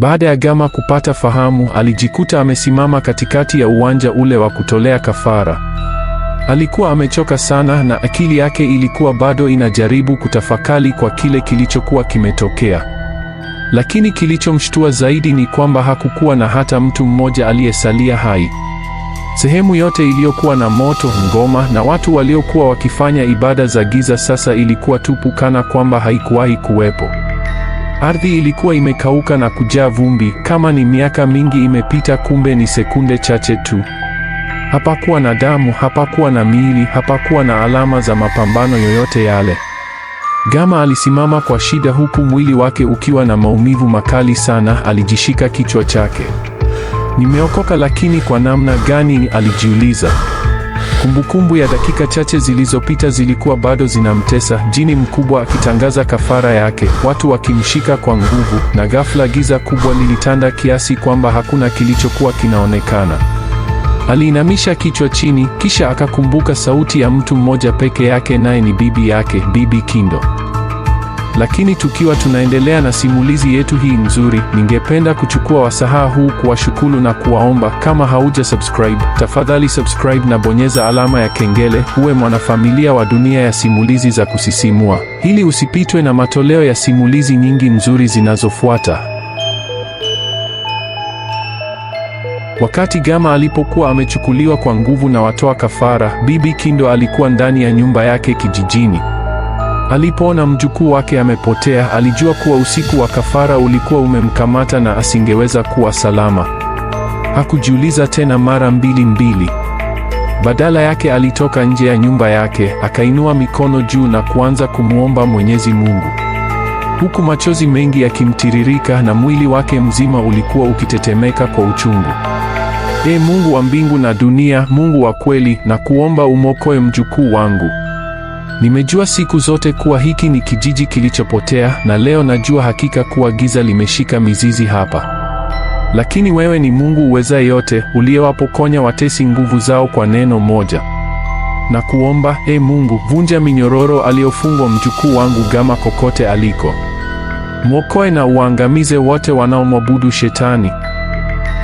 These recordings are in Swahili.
Baada ya Gama kupata fahamu, alijikuta amesimama katikati ya uwanja ule wa kutolea kafara. Alikuwa amechoka sana na akili yake ilikuwa bado inajaribu kutafakari kwa kile kilichokuwa kimetokea. Lakini kilichomshtua zaidi ni kwamba hakukuwa na hata mtu mmoja aliyesalia hai. Sehemu yote iliyokuwa na moto, ngoma na watu waliokuwa wakifanya ibada za giza sasa ilikuwa tupu kana kwamba haikuwahi kuwepo. Ardhi ilikuwa imekauka na kujaa vumbi, kama ni miaka mingi imepita, kumbe ni sekunde chache tu. Hapakuwa na damu, hapakuwa na miili, hapakuwa na alama za mapambano yoyote yale. Gama alisimama kwa shida, huku mwili wake ukiwa na maumivu makali sana. Alijishika kichwa chake. Nimeokoka, lakini kwa namna gani? Alijiuliza. Kumbukumbu ya dakika chache zilizopita zilikuwa bado zinamtesa, jini mkubwa akitangaza kafara yake, watu wakimshika kwa nguvu, na ghafla giza kubwa lilitanda kiasi kwamba hakuna kilichokuwa kinaonekana. Aliinamisha kichwa chini, kisha akakumbuka sauti ya mtu mmoja peke yake, naye ni bibi yake, Bibi Kindo. Lakini tukiwa tunaendelea na simulizi yetu hii nzuri, ningependa kuchukua wasaha huu kuwashukuru na kuwaomba, kama hauja subscribe, tafadhali subscribe na bonyeza alama ya kengele, huwe mwanafamilia wa Dunia ya Simulizi za Kusisimua, ili usipitwe na matoleo ya simulizi nyingi nzuri zinazofuata. Wakati Gama alipokuwa amechukuliwa kwa nguvu na watoa kafara, Bibi Kindo alikuwa ndani ya nyumba yake kijijini. Alipoona mjukuu wake amepotea, alijua kuwa usiku wa kafara ulikuwa umemkamata na asingeweza kuwa salama. Hakujiuliza tena mara mbili mbili. Badala yake alitoka nje ya nyumba yake, akainua mikono juu na kuanza kumwomba Mwenyezi Mungu. Huku machozi mengi yakimtiririka na mwili wake mzima ulikuwa ukitetemeka kwa uchungu. Ee Mungu wa mbingu na dunia, Mungu wa kweli, na kuomba umokoe mjukuu wangu. Nimejua siku zote kuwa hiki ni kijiji kilichopotea na leo najua hakika kuwa giza limeshika mizizi hapa. Lakini wewe ni Mungu uweza yote, uliyewapokonya watesi nguvu zao kwa neno moja. Na kuomba, e Mungu, vunja minyororo aliyofungwa mjukuu wangu Gama kokote aliko. Mwokoe na uangamize wote wanaomwabudu shetani.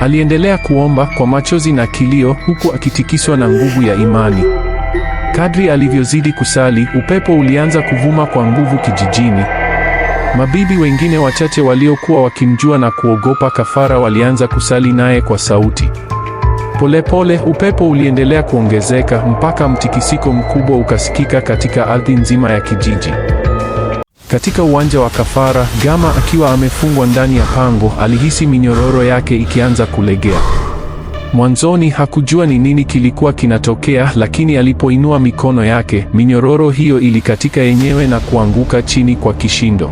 Aliendelea kuomba kwa machozi na kilio, huku akitikiswa na nguvu ya imani. Kadri alivyozidi kusali, upepo ulianza kuvuma kwa nguvu kijijini. Mabibi wengine wachache waliokuwa wakimjua na kuogopa kafara walianza kusali naye kwa sauti. Polepole pole, upepo uliendelea kuongezeka mpaka mtikisiko mkubwa ukasikika katika ardhi nzima ya kijiji. Katika uwanja wa kafara, Gama akiwa amefungwa ndani ya pango, alihisi minyororo yake ikianza kulegea. Mwanzoni hakujua ni nini kilikuwa kinatokea, lakini alipoinua mikono yake, minyororo hiyo ilikatika yenyewe na kuanguka chini kwa kishindo.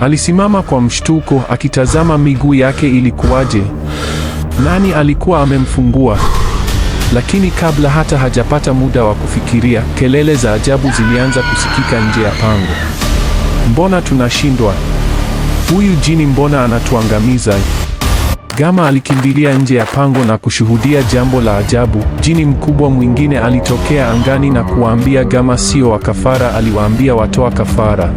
Alisimama kwa mshtuko akitazama miguu yake. Ilikuwaje? Nani alikuwa amemfungua? Lakini kabla hata hajapata muda wa kufikiria, kelele za ajabu zilianza kusikika nje ya pango. Mbona tunashindwa? Huyu jini mbona anatuangamiza? Gama alikimbilia nje ya pango na kushuhudia jambo la ajabu. Jini mkubwa mwingine alitokea angani na kuwaambia Gama sio wa kafara, aliwaambia watoa kafara.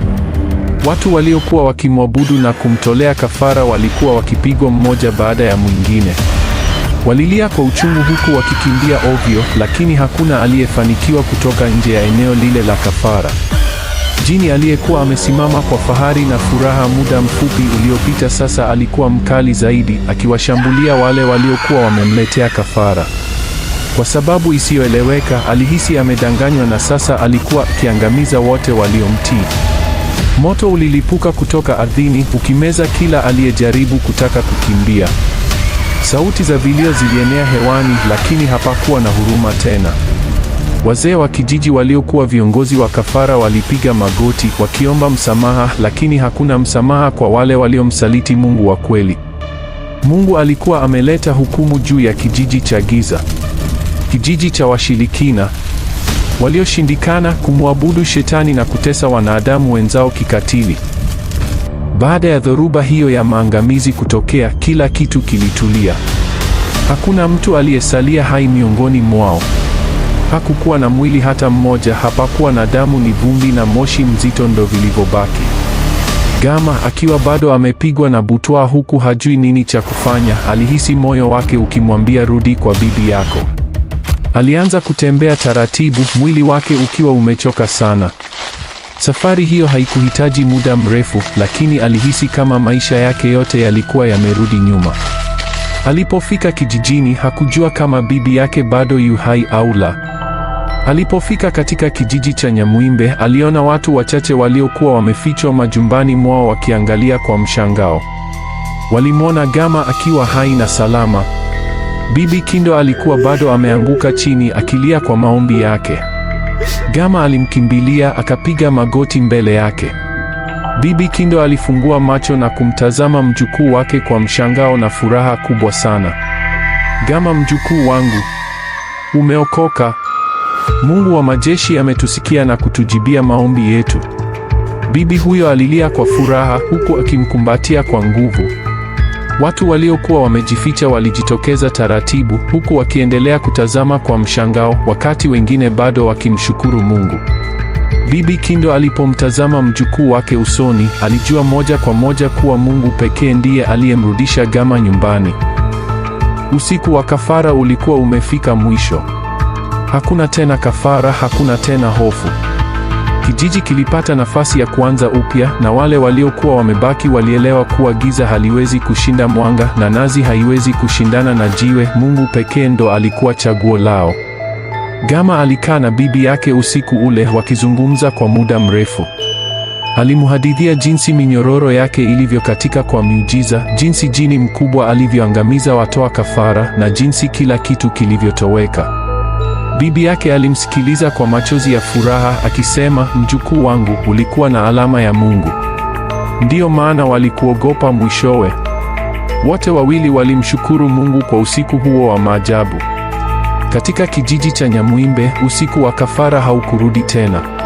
Watu waliokuwa wakimwabudu na kumtolea kafara walikuwa wakipigwa mmoja baada ya mwingine. Walilia kwa uchungu huku wakikimbia ovyo, lakini hakuna aliyefanikiwa kutoka nje ya eneo lile la kafara. Jini aliyekuwa amesimama kwa fahari na furaha muda mfupi uliopita sasa alikuwa mkali zaidi, akiwashambulia wale waliokuwa wamemletea kafara. Kwa sababu isiyoeleweka, alihisi amedanganywa na sasa alikuwa akiangamiza wote waliomtii. Moto ulilipuka kutoka ardhini ukimeza kila aliyejaribu kutaka kukimbia. Sauti za vilio zilienea hewani, lakini hapakuwa na huruma tena. Wazee wa kijiji waliokuwa viongozi wa kafara walipiga magoti wakiomba msamaha, lakini hakuna msamaha kwa wale waliomsaliti Mungu wa kweli. Mungu alikuwa ameleta hukumu juu ya kijiji cha giza, kijiji cha washirikina walioshindikana kumwabudu Shetani na kutesa wanadamu wenzao kikatili. Baada ya dhoruba hiyo ya maangamizi kutokea, kila kitu kilitulia. Hakuna mtu aliyesalia hai miongoni mwao. Hakukuwa na mwili hata mmoja, hapakuwa na damu, ni vumbi na moshi mzito ndo vilivyobaki. Gama akiwa bado amepigwa na butwa huku hajui nini cha kufanya, alihisi moyo wake ukimwambia rudi kwa bibi yako. Alianza kutembea taratibu, mwili wake ukiwa umechoka sana. Safari hiyo haikuhitaji muda mrefu, lakini alihisi kama maisha yake yote yalikuwa yamerudi nyuma. Alipofika kijijini, hakujua kama bibi yake bado yu hai au la. Alipofika katika kijiji cha nyamwimbe aliona watu wachache waliokuwa wamefichwa majumbani mwao wakiangalia kwa mshangao. Walimwona Gama akiwa hai na salama. Bibi Kindo alikuwa bado ameanguka chini akilia kwa maombi yake. Gama alimkimbilia akapiga magoti mbele yake. Bibi Kindo alifungua macho na kumtazama mjukuu wake kwa mshangao na furaha kubwa sana. Gama, mjukuu wangu, umeokoka. Mungu wa majeshi ametusikia na kutujibia maombi yetu. Bibi huyo alilia kwa furaha huku akimkumbatia kwa nguvu. Watu waliokuwa wamejificha walijitokeza taratibu huku wakiendelea kutazama kwa mshangao, wakati wengine bado wakimshukuru Mungu. Bibi Kindo alipomtazama mjukuu wake usoni, alijua moja kwa moja kuwa Mungu pekee ndiye aliyemrudisha Gama nyumbani. Usiku wa kafara ulikuwa umefika mwisho. Hakuna tena kafara, hakuna tena hofu. Kijiji kilipata nafasi ya kuanza upya, na wale waliokuwa wamebaki walielewa kuwa giza haliwezi kushinda mwanga na nazi haiwezi kushindana na jiwe. Mungu pekee ndo alikuwa chaguo lao. Gama alikaa na bibi yake usiku ule, wakizungumza kwa muda mrefu. Alimhadithia jinsi minyororo yake ilivyokatika kwa miujiza, jinsi jini mkubwa alivyoangamiza watoa kafara na jinsi kila kitu kilivyotoweka. Bibi yake alimsikiliza kwa machozi ya furaha akisema, mjukuu wangu, ulikuwa na alama ya Mungu, ndiyo maana walikuogopa. Mwishowe wote wawili walimshukuru Mungu kwa usiku huo wa maajabu. Katika kijiji cha nyamwimbe usiku wa kafara haukurudi tena.